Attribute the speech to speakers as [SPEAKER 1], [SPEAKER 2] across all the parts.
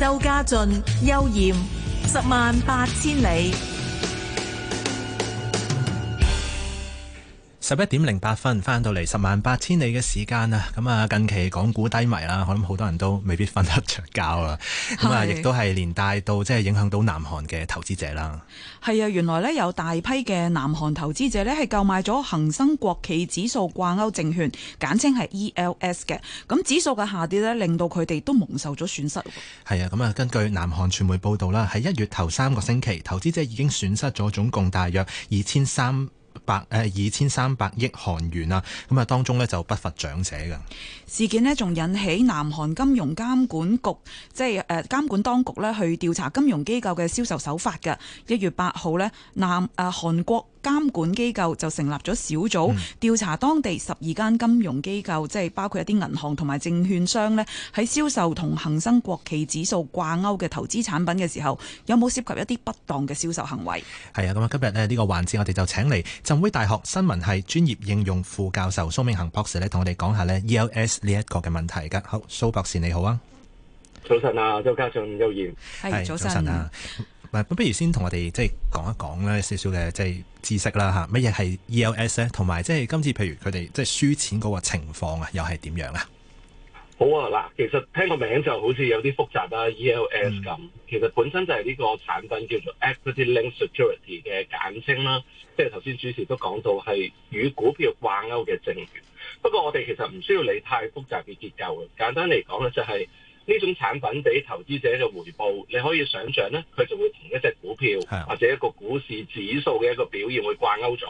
[SPEAKER 1] 周家俊，邱艷，十萬八千里。
[SPEAKER 2] 十一點零八分翻到嚟，十萬八千里嘅時間啊！咁啊，近期港股低迷啦，可能好多人都未必瞓得着覺咁啊，是亦都係連帶到即係影響到南韓嘅
[SPEAKER 1] 投資者啦。係啊，原來呢有大批嘅南韓投資者呢，係購買咗恒生國企指數掛鈎證券，簡稱係 ELS 嘅。咁指數嘅下跌呢，令到佢哋都蒙受咗損失。
[SPEAKER 2] 係啊，咁啊，根據南韓傳媒報道啦，喺一月頭三個星期，投資者已經損失咗總共大約二千三。百誒二千三百億韓元啊！咁啊，當中咧就不乏
[SPEAKER 1] 長者嘅事件咧，仲引起南韓金融監管局，即係誒監管當局咧去調查金融機構嘅銷售手法嘅。一月八號呢，南誒韓國。監管機構就成立咗小組調、嗯、查當地十二間金融機構，即係包括一啲銀行同埋證券商呢喺銷售同恒生國企指數掛鈎嘅投資產品嘅時候，有冇涉及一啲不當嘅銷售行為？
[SPEAKER 2] 係啊，咁啊，今日咧呢個環節我哋就請嚟浸會大學新聞系專業應用副教授蘇銘恒博士呢同我哋講下呢 ELS 呢一個嘅問題噶。好，蘇博士你好啊。早
[SPEAKER 3] 晨啊，周家俊
[SPEAKER 2] 邱賢。係早晨啊。不如先同我哋即係講一講咧少少嘅，即係知識啦吓，乜嘢係 E L S 咧？同埋即係今次，譬如佢哋即係輸錢嗰個情況啊，又係點樣啊？
[SPEAKER 3] 好啊，嗱，其實聽個名就好似有啲複雜啦，E L S 咁， 嗯、 其實本身就係呢個產品叫做 Equity Link Security 嘅簡稱啦。即係頭先主持都講到係與股票掛鈎嘅證券。不過我哋其實唔需要理太複雜嘅結構嘅，簡單嚟講呢，就係、是。呢種產品俾投資者嘅回報，你可以想象呢，佢就會同一隻股票或者一個股市指數嘅一個表現會掛鈎咗。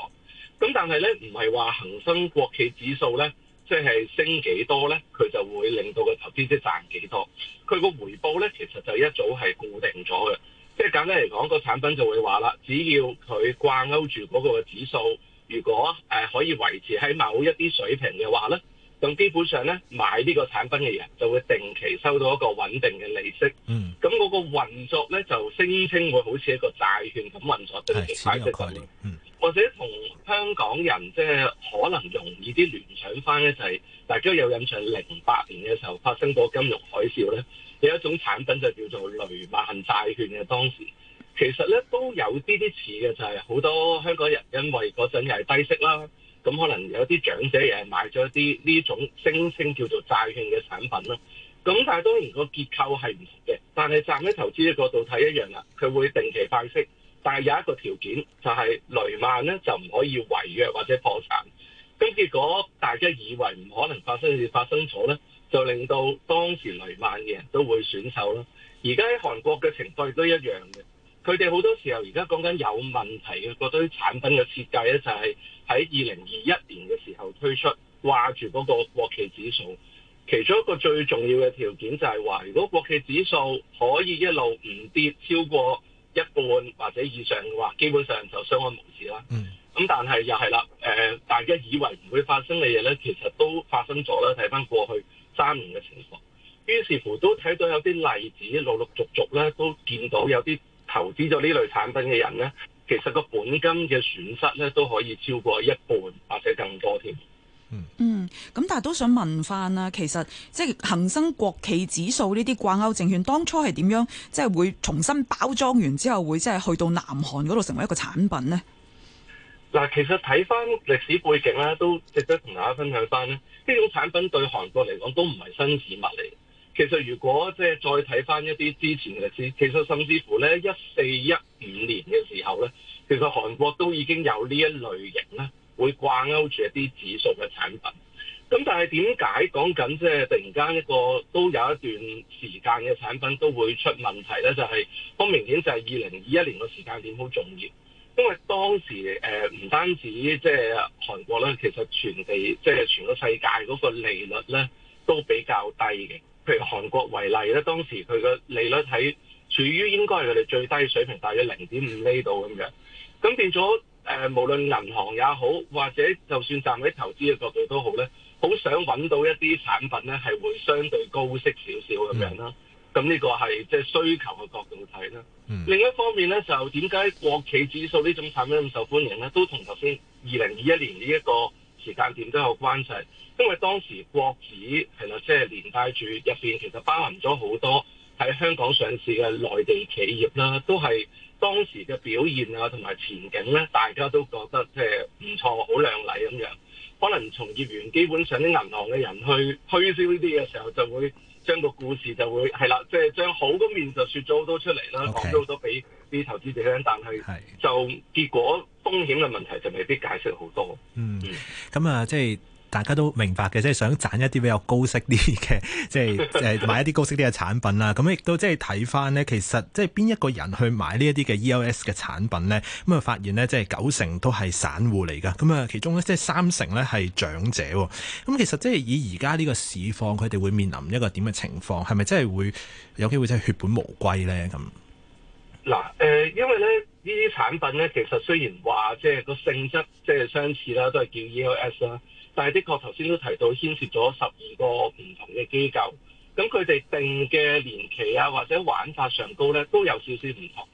[SPEAKER 3] 咁但係呢，唔係話恒生國企指數呢，即係升幾多呢，佢就會令到個投資者賺幾多。佢個回報呢，其實就一早係固定咗嘅。即係簡單嚟講，個產品就會話啦，只要佢掛鈎住嗰個指數，如果誒呃可以維持喺某一啲水平嘅話呢。咁基本上咧，買呢個產品嘅人就會定期收到一個穩定嘅利息。嗯。咁嗰個運作咧，就聲稱會好似一個債券咁運作。係，似個概念。嗯。或者同香港人即係可能容易啲聯想翻咧、就是，就係大家有印象零八年嘅時候發生過金融海嘯咧，有一種產品就叫做雷曼債券嘅當時，其實咧都有啲啲似嘅，就係、是、好多香港人因為嗰陣又係低息啦。咁可能有啲長者又係買咗啲呢種聲稱叫做債券嘅產品啦，咁但係當然個結構係唔同嘅，但係站喺投資嘅角度睇一樣啦，佢會定期派息，但係有一個條件就係雷曼咧就唔可以違約或者破產，咁結果大家以為唔可能發生嘅事發生咗咧，就令到當時雷曼嘅人都會損手啦，而家喺韓國嘅情況亦都一樣嘅。佢哋好多時候而家講緊有問題嘅嗰堆產品嘅設計咧，就係喺二零二一年嘅時候推出，掛住嗰個國企指數。其中一個最重要嘅條件就係話，如果國企指數可以一路唔跌超過一半或者以上嘅話，基本上就相安無事啦。Mm. 嗯。咁但係又係啦，呃，大家以為唔會發生嘅嘢咧，其實都發生咗啦。睇翻過去三年嘅情況，於是乎都睇到有啲例子陸陸續續咧，都見到有啲投資咗呢類產品嘅人呢，其實個本金嘅損失咧都可以超過一半或者更多添。嗯，
[SPEAKER 1] 咁但係都想問翻啦，其實即係恆生國企指數呢啲掛鈎證券，當初係點樣即係會重新包裝完之後，會即係去到南韓嗰度成為一個產品呢？
[SPEAKER 3] 嗱，其實睇翻歷史背景咧，都值得同大家分享翻咧。呢種產品對韓國嚟講都唔係新事物嚟。其實如果即係再睇翻一啲之前嘅事。其實甚至乎呢一四一五年嘅時候呢，其實韓國都已經有呢一類型呢，會掛鈎住一啲指數嘅產品。咁但係點解講緊即係突然間一個都有一段時間嘅產品都會出問題呢？就係、是、好明顯就係二零二一年個時間點好重要，因為當時誒唔、呃、單止即係韓國呢，其實全地即係、就是、全個世界嗰個利率呢都比較低嘅。譬如韓國為例咧，當時佢嘅利率喺處於應該係佢哋最低水平，大約零點五厘度咁樣，咁變咗誒、呃，無論銀行也好，或者就算站喺投資嘅角度都好咧，好想揾到一啲產品咧，係會相對高息少少咁樣啦。咁呢、mm. 個係即係需求嘅角度睇啦。Mm. 另一方面咧，就點解國企指數呢種產品咁受歡迎咧？都同頭先二零二一年呢、呢、一個，時間點都有關係，因為當時國指係咪即係連帶住入邊其實包含咗好多喺香港上市嘅內地企業啦，都係當時嘅表現啊同埋前景咧，大家都覺得即係唔錯，好亮麗咁樣。可能從業員基本上啲銀行嘅人去推銷呢啲嘅時候，就會將個故事就會係啦，即係、就是、將好嘅面就説咗好多出嚟啦，講咗好多俾。啲投資者咧，但係就結果風險嘅問題就未必解釋
[SPEAKER 2] 好多。嗯，咁啊，即係大家都明白嘅，即係想賺一啲比較高息啲嘅，即係誒買一啲高息啲嘅產品啦。咁亦都即係睇翻呢，其實即係邊一個人去買呢一啲嘅 ELS 嘅產品呢？咁啊，發現呢，即係九成都係散戶嚟噶。咁啊，其中呢，即係三成呢係長者。咁其實即係以而家呢個市況，佢哋會面臨一個點嘅情況？係咪真係會有機會即係血本無歸呢？咁，
[SPEAKER 3] 嗱，誒，因為咧，呢啲產品咧，其實雖然話即係個性質即係相似啦，都係叫 ELS 啦，但係的確頭先都提到牽涉咗十二個唔同嘅機構，咁佢哋定嘅年期啊，或者玩法上高咧，都有少少唔同，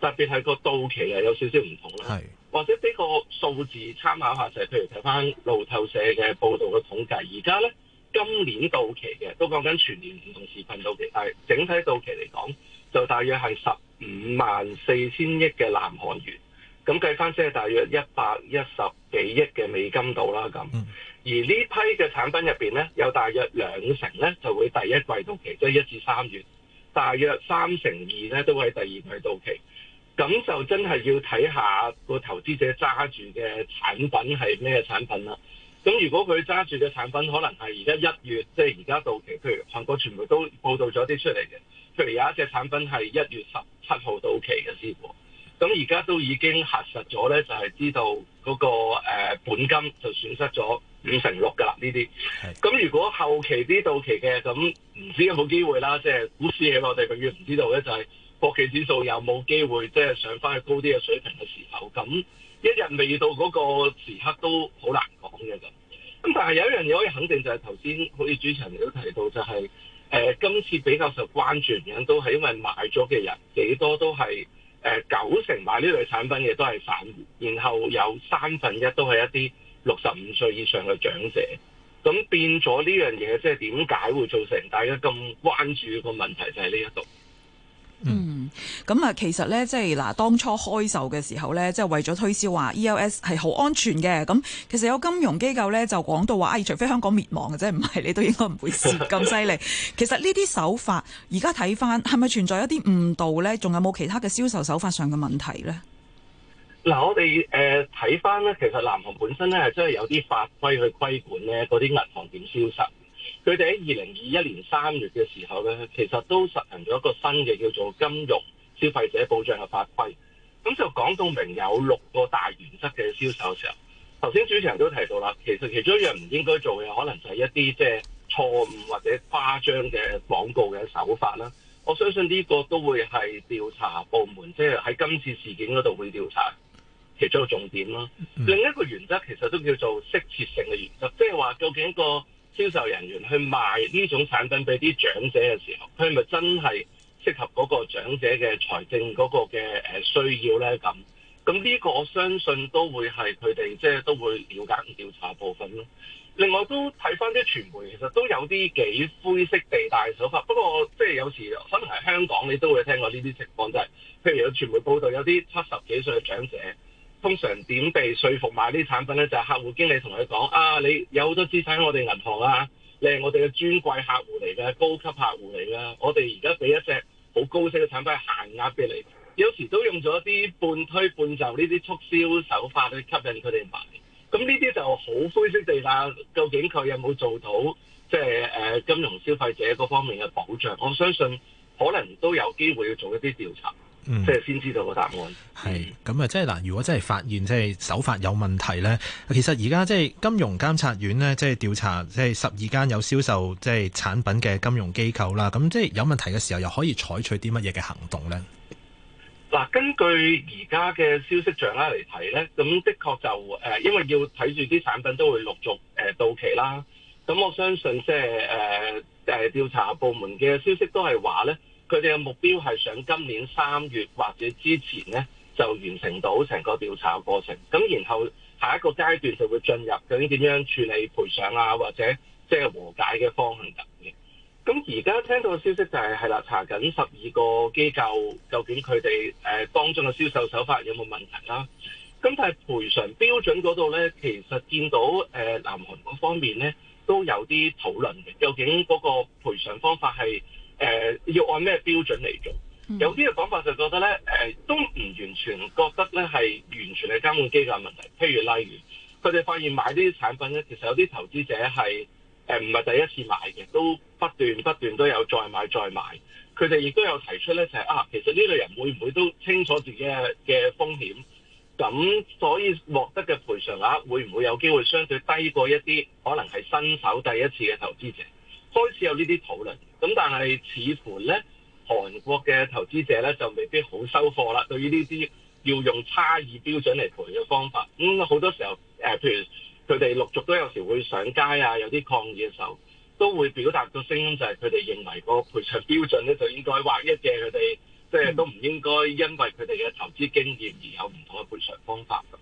[SPEAKER 3] 特別係個到期啊有少少唔同啦。是或者俾個數字參考下就係，譬如睇翻路透社嘅報道嘅統計，而家咧今年到期嘅都講緊全年唔同時份到期，但係整體到期嚟講就大約係十。五萬四千億嘅南韓元，咁計翻即係大約一百一十幾億嘅美金到啦咁，而呢批嘅產品入邊呢，有大約兩成呢就會第一季到期，即係一至三月，大約三成二呢都喺第二季到期，咁就真係要睇下個投資者揸住嘅產品係咩產品啦。咁如果佢揸住嘅產品可能係而家一月，即係而家到期，譬如韓國全部都報道咗啲出嚟嘅。譬如有一隻產品係一月十七號到期嘅師傅咁而家都已經核實咗咧，就係、是、知道嗰、那個、呃、本金就損失咗五成六㗎啦呢啲。咁的如果後期啲到期嘅咁唔知有冇機會啦，即、就、係、是、股市喺我哋永遠唔知道咧，就係、是、國企指數有冇機會即係、就是、上翻去高啲嘅水平嘅時候，咁一日未到嗰個時刻都好難講嘅咁。咁但係有一樣嘢可以肯定就係頭先好似主持人亦都提到就係、是。誒、呃、今次比較受關注原因都係因為買咗嘅人幾多都係誒、呃、九成買呢類產品嘅都係散戶，然後有三分一都係一啲六十五歲以上嘅長者，咁變咗呢樣嘢，即係點解會造成大家咁關注個問題就係呢一度。嗯。
[SPEAKER 1] 咁啊、嗯，其實呢，即係嗱，當初開售嘅時候呢，即、就、係、是、為咗推銷話 ELS 係好安全嘅。咁其實有金融機構呢，就講到話，唉，除非香港滅亡嘅啫，唔係你都應該唔會蝕咁犀利。這 其實呢啲手法而家睇翻，係咪存在一啲誤導呢？仲有冇其他嘅銷售手法上嘅問題呢？
[SPEAKER 3] 嗱、嗯，我哋誒睇翻呢，其實南韓本身呢，係真係有啲法規去規管呢嗰啲銀行點銷售。佢哋喺二零二一年三月嘅時候咧，其實都實行咗一個新嘅叫做金融消費者保障嘅法規。咁就講到明有六個大原則嘅銷售上，頭先主持人都提到啦，其實其中一樣唔應該做嘅可能就係一啲即係錯誤或者誇張嘅廣告嘅手法啦。我相信呢個都會係調查部門即係喺今次事件嗰度會調查其中一個重點啦。嗯、另一個原則其實都叫做適切性嘅原則，即係話究竟一個銷售人員去賣呢種產品俾啲長者嘅時候，佢係咪真係適合嗰個長者嘅財政嗰個嘅誒需要咧？咁咁呢個我相信都會係佢哋即係都會了解調查部分咯。另外都睇翻啲傳媒，其實都有啲幾灰色地帶手法。不過即係、就是、有時可能係香港，你都會聽過呢啲情況，就係、是、譬如有傳媒報道有啲七十幾歲嘅長者。通常點被說服買呢啲產品呢？就係、是、客戶經理同佢講：啊，你有好多資產喺我哋銀行啊，你係我哋嘅尊貴客戶嚟嘅，高級客戶嚟嘅，我哋而家俾一隻好高息嘅產品係限額俾你。有時都用咗啲半推半就呢啲促銷手法去吸引佢哋買。咁呢啲就好灰色地啦。究竟佢有冇做到即係金融消費者嗰方面嘅保障？我相信可能都有機會要做一啲調查。嗯，即係先知道個答
[SPEAKER 2] 案。係咁啊，即係嗱，如果真係發現即係手法有問題呢，其實而家即係金融監察院呢，即係調查即係十二間有銷售即係產品嘅金融機構啦。咁即係有問題嘅時候，又可以採取啲乜嘢嘅行動呢？
[SPEAKER 3] 嗱，根據而家嘅消息上咧嚟睇呢，咁的確就誒，因為要睇住啲產品都會陸續誒到期啦。咁我相信即係誒誒，調查部門嘅消息都係話呢。佢哋嘅目標係想今年三月或者之前呢，就完成到成個調查過程，咁然後下一個階段，就會進入究竟點樣處理賠償啊，或者即係和解嘅方向等嘅。咁而家聽到嘅消息就係係啦，查緊十二個機構究竟佢哋誒當中嘅銷售手法有冇問題啦。咁但係賠償標準嗰度咧，其實見到誒南韓嗰方面咧都有啲討論嘅，究竟嗰個賠償方法係。誒、呃、要按咩標準嚟做？嗯、有啲嘅講法就覺得呢，呃、都唔完全覺得呢係完全係監管機構問題。譬如例如，佢哋發現買呢啲產品呢，其實有啲投資者係唔係第一次買嘅，都不斷不斷都有再買再買。佢哋亦都有提出呢，就係、是、啊，其實呢類人會唔會都清楚自己嘅風險？咁所以獲得嘅賠償額會唔會有機會相對低過一啲可能係新手第一次嘅投資者？開始有呢啲討論，咁但係似乎呢，韓國嘅投資者呢就未必好收貨啦。對於呢啲要用差異標準嚟賠嘅方法，咁、嗯、好多時候誒、呃，譬如佢哋陸續都有時會上街啊，有啲抗議嘅時候，都會表達個聲音，就係佢哋認為個賠償標準呢，就應該劃一嘅佢哋，即、就、係、是、都唔應該因為佢哋嘅投資經驗而有唔同嘅賠償方法咁。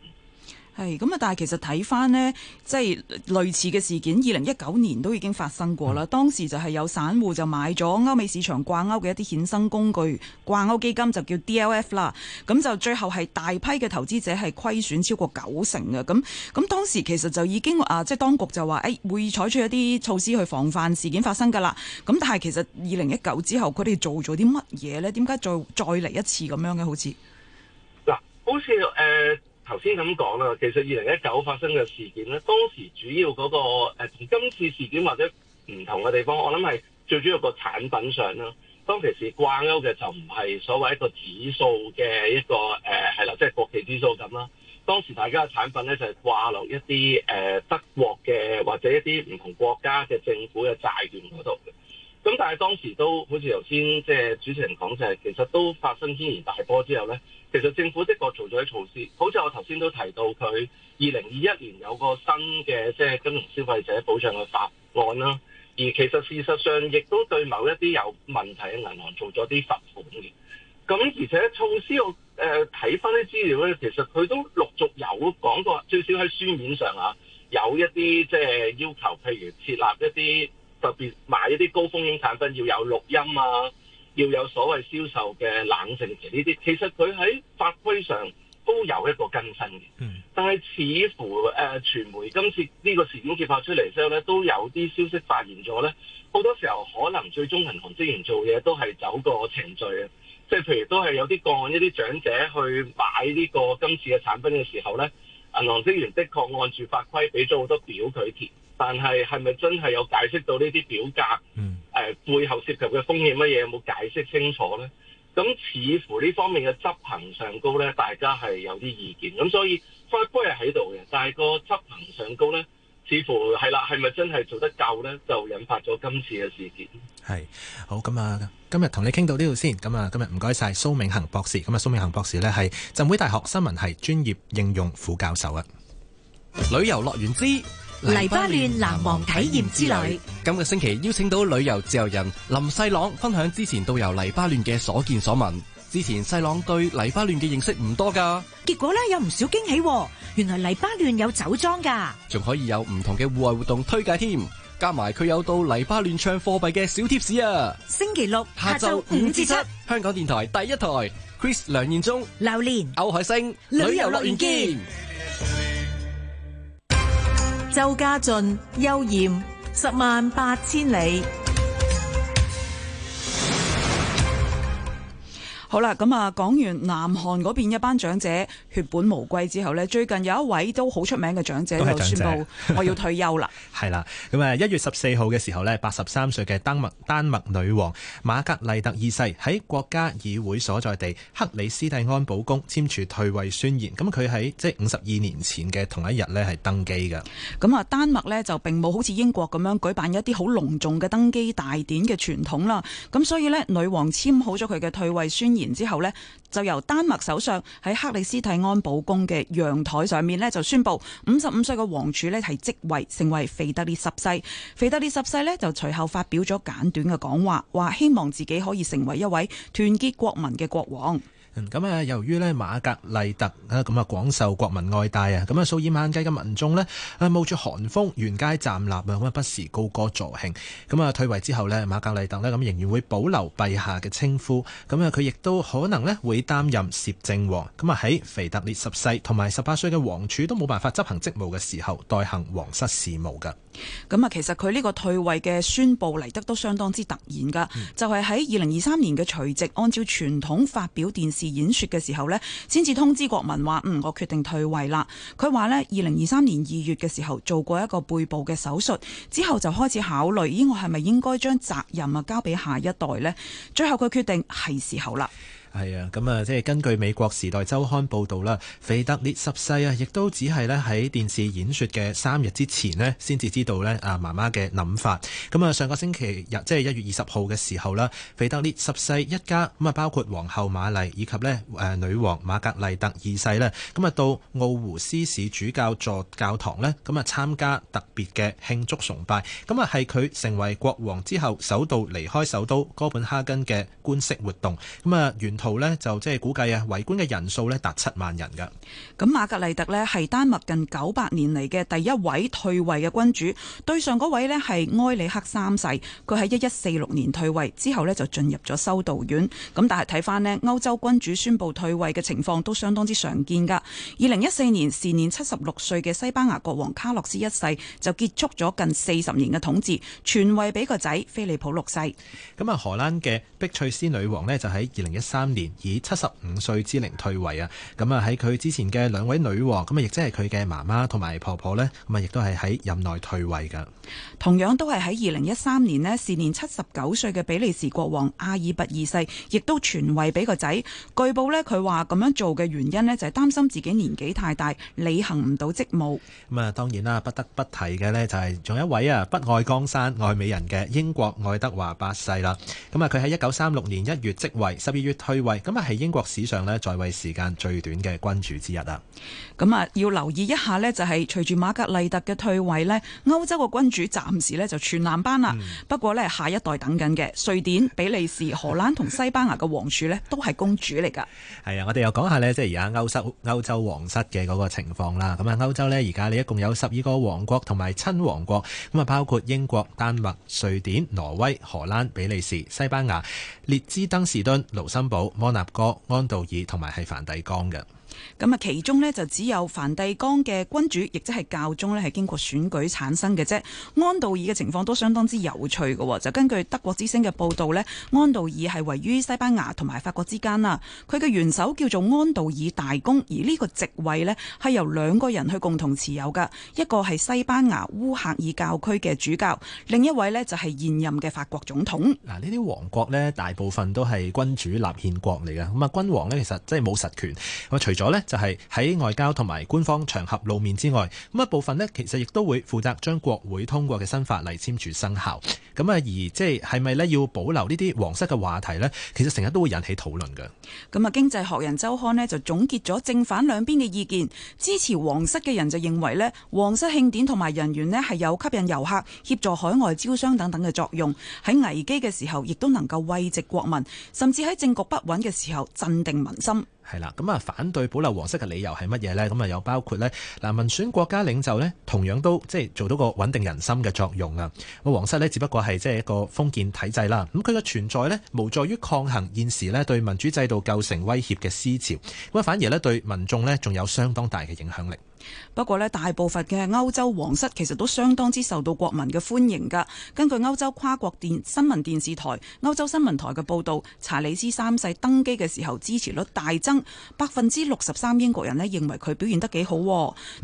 [SPEAKER 1] 係咁啊！但係其實睇翻呢，即係類似嘅事件，二零一九年都已經發生過啦。嗯、當時就係有散戶就買咗歐美市場掛鈎嘅一啲衍生工具掛鈎基金，就叫 DLF 啦。咁就最後係大批嘅投資者係虧損超過九成嘅。咁咁當時其實就已經啊，即係當局就話誒、哎、會採取一啲措施去防範事件發生噶啦。咁但係其實二零一九之後，佢哋做咗啲乜嘢呢？點解再再嚟一次咁樣嘅？好似
[SPEAKER 3] 嗱，好似誒。呃頭先咁講啦，其實二零一九發生嘅事件咧，當時主要嗰、那個誒、呃，同今次事件或者唔同嘅地方，我諗係最主要個產品上啦。當其時掛鈎嘅就唔係所謂一個指數嘅一個誒，係、呃、啦，即係國企指數咁啦。當時大家嘅產品咧就係掛落一啲誒、呃、德國嘅或者一啲唔同國家嘅政府嘅債券嗰度。咁但係當時都好似頭先即係主持人講就係，其實都發生軒然大波之後呢。其實政府的確做咗啲措施，好似我頭先都提到佢二零二一年有個新嘅即係金融消費者保障嘅法案啦。而其實事實上亦都對某一啲有問題嘅銀行做咗啲罰款嘅。咁而且措施我誒睇翻啲資料呢，其實佢都陸續有講過，最少喺書面上呀有一啲即係要求，譬如設立一啲。特別買一啲高風險產品，要有錄音啊，要有所謂銷售嘅冷靜期呢啲，其實佢喺法規上都有一個更新嘅。嗯，但係似乎誒、呃，傳媒今次呢個事件揭發出嚟之後咧，都有啲消息發現咗咧，好多時候可能最終銀行職員做嘢都係走個程序啊，即係譬如都係有啲個案，一啲長者去買呢個今次嘅產品嘅時候咧，銀行職員的確按住法規俾咗好多表佢填。但係係咪真係有解釋到呢啲表格？嗯，誒、呃，背後涉及嘅風險乜嘢有冇解釋清楚呢？咁似乎呢方面嘅執行上高呢，大家係有啲意見咁，所以法規係喺度嘅，但係個執行上高呢，似乎係啦，係咪真係做得夠呢？就引發咗今次嘅事件。
[SPEAKER 2] 係好咁啊，今日同你傾到呢度先。咁啊，今日唔該晒蘇銘恒博士。咁啊，蘇銘恒博士呢，係浸會大學新聞系專業應用副教授啊。旅遊樂園之黎巴嫩
[SPEAKER 3] 難忘體驗之旅。
[SPEAKER 2] 今個星期邀請到旅遊自由人林世朗分享之前到遊黎巴嫩嘅所見
[SPEAKER 3] 所聞。之前世朗對黎巴嫩嘅認識唔多噶，結果咧有唔少驚喜喎。
[SPEAKER 1] 原來黎巴嫩有酒莊噶，
[SPEAKER 3] 仲可以有唔同嘅戶外活動推介添，加埋佢有到黎巴嫩唱貨幣嘅小貼士啊！
[SPEAKER 1] 星期六下晝五至七，
[SPEAKER 3] 香港電台第一台，Chris 梁彥忠、劉連歐海星，旅遊樂園見。
[SPEAKER 1] 周家俊、邱艷，十萬八千里。好啦，咁啊，講完南韓嗰邊一班長者血本無歸之後呢，最近有一位都好出名嘅長者就宣布都 我要退
[SPEAKER 2] 休啦。係啦，咁啊，一月十四號嘅時候呢，八十三歲嘅丹麥丹麥女王馬格麗特二世喺國家議會所在地克里斯蒂安保宮簽署退位宣言。咁佢喺即係五十二
[SPEAKER 1] 年前嘅同一日呢係登基㗎。咁啊，丹麥呢，就並冇好似英國咁樣舉辦一啲好隆重嘅登基大典嘅傳統啦。咁所以呢，女王簽好咗佢嘅退位宣言。然之後呢就由丹麥首相喺克里斯蒂安堡宮嘅陽台上面呢，就宣布五十五歲嘅王儲呢係即位，成為腓特烈十世。腓特烈十世呢，就隨後發表咗簡短嘅講話，話希望自己可以成為一位團結國民嘅國王。
[SPEAKER 2] 咁啊，由於呢馬格麗特啊咁啊廣受國民愛戴啊，咁啊數以萬計嘅民眾呢，啊冒住寒風沿街站立啊，咁啊不時高歌助興。咁啊退位之後呢，馬格麗特呢，咁仍然會保留陛下嘅稱呼。咁啊佢亦都可能呢，會擔任攝政王。咁啊喺腓特烈十世同埋十八歲嘅王
[SPEAKER 1] 儲都冇辦法執行職務嘅時候，代行皇室事務㗎。咁啊其實佢呢個退位嘅宣布嚟得都相當之突然㗎，就係喺二零二三年嘅除夕，按照傳統發表電視演說嘅時候呢，先至通知國民話：嗯，我決定退位啦。佢話呢，二零二三年二月嘅時候做過一個背部嘅手術，之後就開始考慮，咦，我係咪應該將責任啊交俾下一代呢？最後佢決定係時候啦。係啊，咁啊，即係根據美國時代週刊報導啦，費德烈十世啊，亦都
[SPEAKER 2] 只係咧喺電視演說嘅三日之前呢先至知道呢啊媽媽嘅諗法。咁啊，上個星期日，即係一月二十號嘅時候啦，費德烈十世一家咁啊，包括皇后瑪麗以及呢誒女王瑪格麗特二世呢，咁啊到奧胡斯市主教座教堂呢，咁啊參加特別嘅慶祝崇拜。咁啊係佢成為國王之後首度離開首都哥本哈根嘅官式活動。咁
[SPEAKER 1] 啊後咧就即係估計啊，圍觀嘅人數呢達七萬人噶。咁馬格麗特呢，係丹麥近九百年嚟嘅第一位退位嘅君主，對上嗰位呢，係埃里克三世，佢喺一一四六年退位之後呢，就進入咗修道院。咁但係睇翻呢，歐洲君主宣布退位嘅情況都相當之常見噶。二零一四年時年七十六歲嘅西班牙國王卡洛斯一世就結束咗近四十年嘅統治，傳位俾個仔菲利普六世。咁啊，荷蘭嘅碧翠絲女王呢，就喺二零一
[SPEAKER 2] 三。年以七十五歲之齡退位啊！咁啊喺佢之前嘅兩位女王，咁啊亦即係
[SPEAKER 1] 佢嘅媽媽同埋婆婆呢，咁啊亦都係喺任內退位噶。同樣都係喺二零一三年呢，是年七十九歲嘅比利時國王阿爾拔二世，亦都傳位俾個仔。據報呢，佢話咁樣做嘅原因呢，就係擔心自己年紀太大，履行唔到職務。
[SPEAKER 2] 咁啊，當然啦，不得不提嘅呢，就係仲有一位啊不愛江山愛美人嘅英國愛德華八世啦。咁啊，佢喺一九三六年一月即位，十二月
[SPEAKER 1] 退位。咁啊，係英國史上咧在位時間最短嘅君主之一啊！咁啊，要留意一下呢就係、是、隨住馬格麗特嘅退位呢，歐洲嘅君主暫時呢就全男班啦。嗯、不過呢，下一代等緊嘅，瑞典、比利時、荷蘭同西班牙嘅王儲呢都係公主嚟㗎。係
[SPEAKER 2] 啊，我哋又講下呢，即係而家歐洲歐洲皇室嘅嗰個情況啦。咁啊，歐洲呢，而家呢一共有十二個王國同埋親王國，咁啊包括英國、丹麥、瑞典、挪威、荷蘭、比利時、西班牙、列支敦士登、盧森堡。摩納哥、
[SPEAKER 1] 安道爾同埋係梵蒂岡嘅。咁啊，其中呢就只有梵蒂岡嘅君主，亦即係教宗呢，係經過選舉產生嘅啫。安道爾嘅情況都相當之有趣嘅，就根據德國之聲嘅報道呢，安道爾係位於西班牙同埋法國之間啦。佢嘅元首叫做安道爾大公，而呢個席位呢，係由兩個人去共同持有噶，一個係西班牙烏克爾教區嘅主教，另一位呢，就係現任嘅法國總統。嗱，呢啲王
[SPEAKER 2] 國呢，大部分都係君主立憲國嚟嘅，咁啊，君王呢，其實真係冇實權。咁除咗。我就係喺外交同埋官方場合露面之外，咁一部分咧其實亦都會負責將國會通過嘅新法例簽署生
[SPEAKER 1] 效。咁啊，而即係係咪咧要保留呢啲皇室嘅話題呢？其實成日都會引起討論嘅。咁啊，《經濟學人周刊》呢就總結咗正反兩邊嘅意見。支持皇室嘅人就認為呢，皇室慶典同埋人員呢係有吸引遊客、協助海外招商等等嘅作用。喺危機嘅時候，亦都能夠慰藉國民，甚至喺政局不穩嘅時候鎮定民心。
[SPEAKER 2] 係啦，咁啊，反對保留皇室嘅理由係乜嘢呢？咁啊，又包括呢？嗱，民選國家領袖呢，同樣都即係做到個穩定人心嘅作用啊。皇室呢，只不過係即係一個封建體制啦。咁佢嘅存在呢，無助於抗衡現時呢對民主制度構成威脅嘅思潮。咁啊，反而呢對民眾呢，仲有相當大嘅影響力。
[SPEAKER 1] 不過咧，大部分嘅歐洲皇室其實都相當之受到國民嘅歡迎㗎。根據歐洲跨國電新聞電視台、歐洲新聞台嘅報道，查理斯三世登基嘅時候支持率大增，百分之六十三英國人咧認為佢表現得幾好。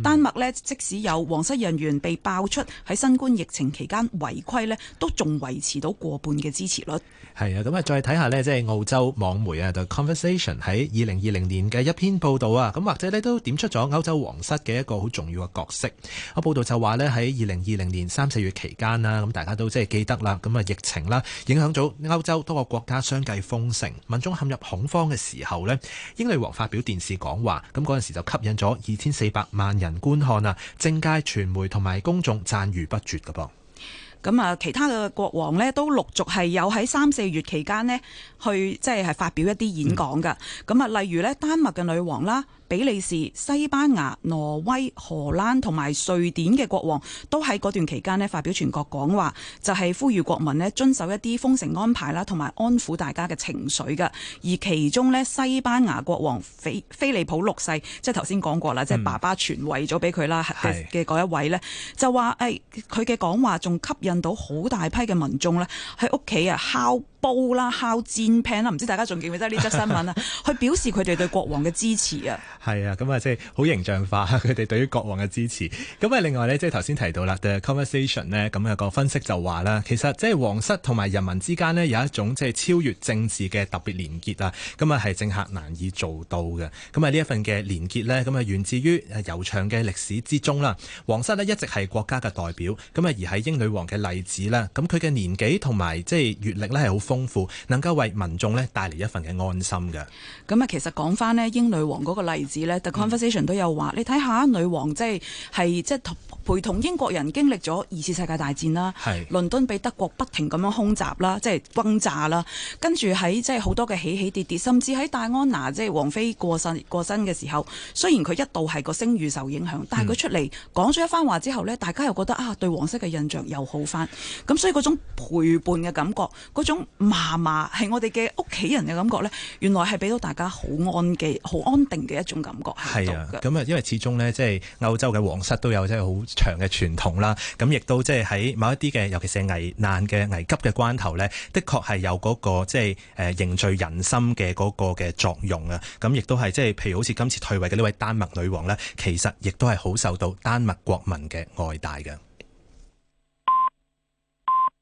[SPEAKER 1] 丹麥咧，即使有皇室人員被爆出喺新冠疫情期間違規咧，都仲維持到過半嘅支持率。
[SPEAKER 2] 係啊，咁啊，再睇下咧，即係澳洲網媒啊 The Conversation 喺二零二零年嘅一篇報道啊，咁或者咧都點出咗歐洲皇室嘅嘅一個好重要嘅角色，個報道就話，呢喺二零二零年三四月期間啦，咁大家都即係記得啦，咁啊疫情啦影響咗歐洲多個國家相繼封城，民眾陷入恐慌嘅時候呢，英女王發表電視講話，咁嗰陣時就吸引咗二千四百萬人觀看啊，政界、傳媒同埋公眾讚譽不絕㗎噃。咁啊，
[SPEAKER 1] 其他嘅國王咧都陸續係有喺三四月期間咧，去即係發表一啲演講。噶、嗯。咁啊，例如咧，丹麥嘅女王啦、比利時、西班牙、挪威、荷蘭同埋瑞典嘅國王，都喺嗰段期間咧發表全國講話，就係、是、呼籲國民咧遵守一啲封城安排啦，同埋安撫大家嘅情緒。噶。而其中咧，西班牙國王菲利普六世，即係頭先講過啦，嗯、即係爸爸傳位咗俾佢啦嘅一位咧，就話誒佢嘅講話仲吸引。引到好大批嘅民眾咧，喺屋企啊敲煲啦、烤煎 pan 啦，唔知大家仲記唔記得呢則新聞啊？去表示佢哋對國王嘅支持啊！
[SPEAKER 2] 係啊， 咁啊，即係好形象化佢哋對於國王嘅支持。咁啊，另外呢，即係頭先提到啦嘅 conversation 呢。咁啊個分析就話啦，其實即係皇室同埋人民之間呢，有一種即係超越政治嘅特別連結啊！咁啊，係政客難以做到嘅。咁啊，呢一份嘅連結呢，咁啊源自於悠長嘅歷史之中啦。皇室呢，一直係國家嘅代表，咁啊而喺英女王嘅例子啦。咁佢嘅年紀同埋即係閲歷呢，係好豐富，能夠為民眾咧帶嚟一份嘅安心
[SPEAKER 1] 嘅。咁啊，其實講翻咧英女王嗰個例子咧，The Conversation，嗯，都有話，你睇下女王即係係即係陪同英國人經歷咗二次世界大戰啦，係。倫敦被德國不停咁樣空襲啦，即係轟炸啦，跟住喺即係好多嘅起起跌跌，甚至喺戴安娜即係王妃過身過身嘅時候，雖然佢一度係個聲譽受影響，但係佢出嚟講咗一番話之後呢，大家又覺得啊，對皇室嘅印象又好翻。咁所以嗰種陪伴嘅感覺，嗰嫲嫲係我哋嘅屋企人嘅感覺咧，原來係俾到大家好安嘅、好安定嘅一種感覺，
[SPEAKER 2] 係啊。咁啊，因為始終咧，即係歐洲嘅皇室都有即係好長嘅傳統啦。咁亦都即係喺某一啲嘅，尤其是危難嘅危急嘅關頭咧，的確係有嗰個即係誒凝聚人心嘅嗰個嘅作用啊。咁亦都係即係譬如好似今次退位嘅呢位丹麥女王咧，其實亦都係好受到丹麥國民嘅愛戴嘅。